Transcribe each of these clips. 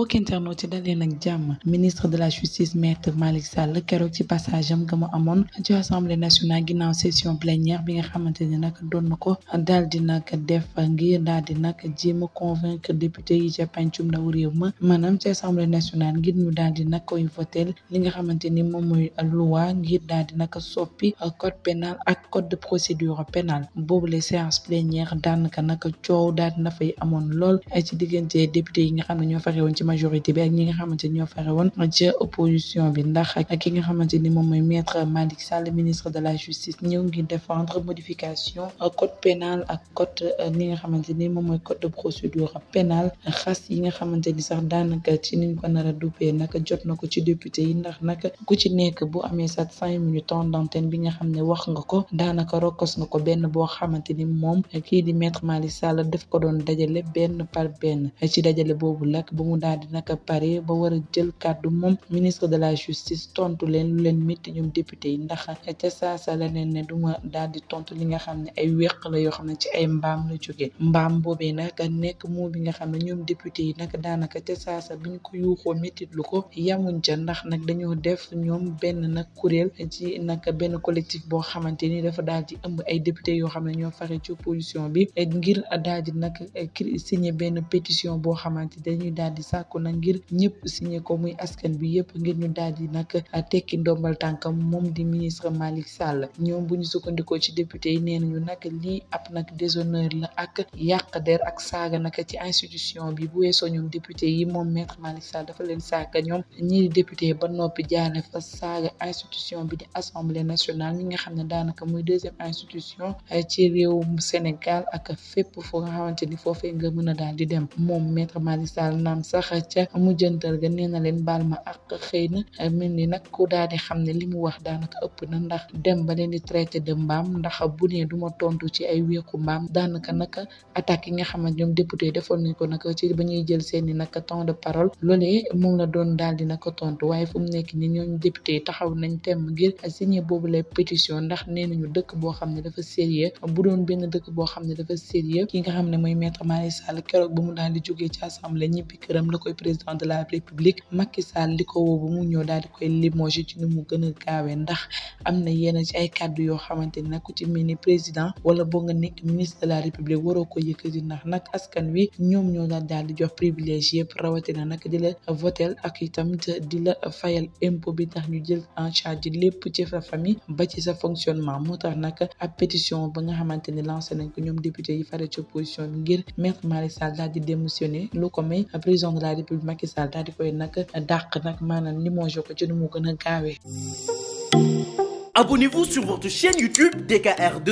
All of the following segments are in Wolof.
mbokk internautes yi dalee nag jàmm ministre de la justice maître Malick Sall keroog ci passage nga mu amoon ci assemblée nationale ginnaaw session plénière bi nga xamante ni nag doon na ko daal di nag def ngir daal di nag jéem a convaincre député yi ca pencum ndaw réew ma maanaam ci assemblée nationale ngir ñu daal di nag koy votel li nga xamante ni moom mooy loi ngir daal di nag soppi code pénal ak code de procédure pénale boobule séance plénière na fay amoon lool majorité bi ak ñi nga xamante ni ñoo fexe a ci opposition bi ndax ki nga xamante ni moom mooy maître Malick Sall ministre de la justice ñëw ngi défendre modification code pénal ak code euh, ni nga xamante ni moom ci niñ ko nar a duppee na ko ci député yi ndax nag ku ci nekk bu amee sa cinq minutes temps d'antenne bi nga xam ne wax nga ko daanaka rokkos nga ko benn boo xamante ni moom kii di maître Malick Sall daf ko doon dajale benn par benn ci dajale boobu lak ba mu daal daal di naka pare ba war a jël kaddu moom ministre de la justice tontu leen lu leen métti ñoom député yi ndax ca saasa la leen ne duma daal di tontu li nga xam ne ay wéq la yoo xam ne ci ay mbaam la joge mbaam boobee nag nekk moo bi nga xam ne ñoom député yi nag daanaka ca saasa bi ñu ko yuuxoo méttit lu ko yamuñ ca ndax nag dañoo def ñoom benn nag kuréel ci nag benn collectif boo xamante ni dafa daal ci ëmb ay député yoo xam ne ñoo fare ci opposition bi ngir daal di nag signé benn pétition boo xamante dañuy daal sàkku na ngir ñëpp signé ko muy askan bi yëpp ngir ñu daal di nag ah, tekki ndombal tànkam moom di ministre Malick Sall ñoom bu ñu sukkandikoo ci député yi nee ñu nag lii ab nag déshonneur la ak yàq der ak saaga nag ci institution bi bu weesoo ñoom député yi moom maître Malick Sall dafa leen saaka ñoom ñii député ba noppi jaaree fa saaga institution bi di assemblée nationale mi nga xam ne daanaka muy deuxième institution ah, ci réewum Sénégal ak fépp foo nga mën a daal di ca mujjantal ga nee na leen baal ma ak xëy na mel ni nag ku daal di xam ne li mu wax daanaka ëpp na ndax dem ba leen di traité de mbaam ndax bu ne du ma tontu ci ay wéeku mbaam daanaka naka attaques yi nga xam ne ñoom député defoon nañ ko naka ci ba ñuy jël seen i naka temps de parole loolee moom la doon daal di naka tontu waaye fu mu nekk ni ñooñu député yi taxaw nañ temm ngir signé boobu lay pétition ndax nee ñu dëkk boo xam ne dafa sérieux bu doon benn dëkk boo xam ne dafa sérieux ki nga xam ne mooy maître Malick Sall mu daal di jógee ci assemblée koy président de la république Macky Sall li ko woo mu ñëw daal di koy limoger ci nu mu gën a gaawee ndax am na yenn ci ay kàddu yoo xamante ni nag ku ci mel président wala boo nga nekk la république waroo ko yëkkati ndax nag askan wi ñoom ñoo daal daal di jox privilège yëpp rawatina nag di la votel ak itam di la fayal impôt bi tax ñu jël en charge lépp ci sa famille ba ci sa fonctionnement moo tax nag ab pétition ba nga xamante ni lancé nañ ko ñoom député yi fare ci opposition bi ngir maître Malick Sall daal di démissionner lu la république Macky Sall daal di koy nag dàq nag maanaam limogé ko ci nu mu gën a gaawee. Abonnez-vous sur votre chaîne YouTube DKR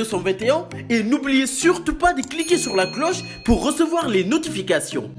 et n'oubliez surtout pas de cliquer sur la cloche pour recevoir les notifications.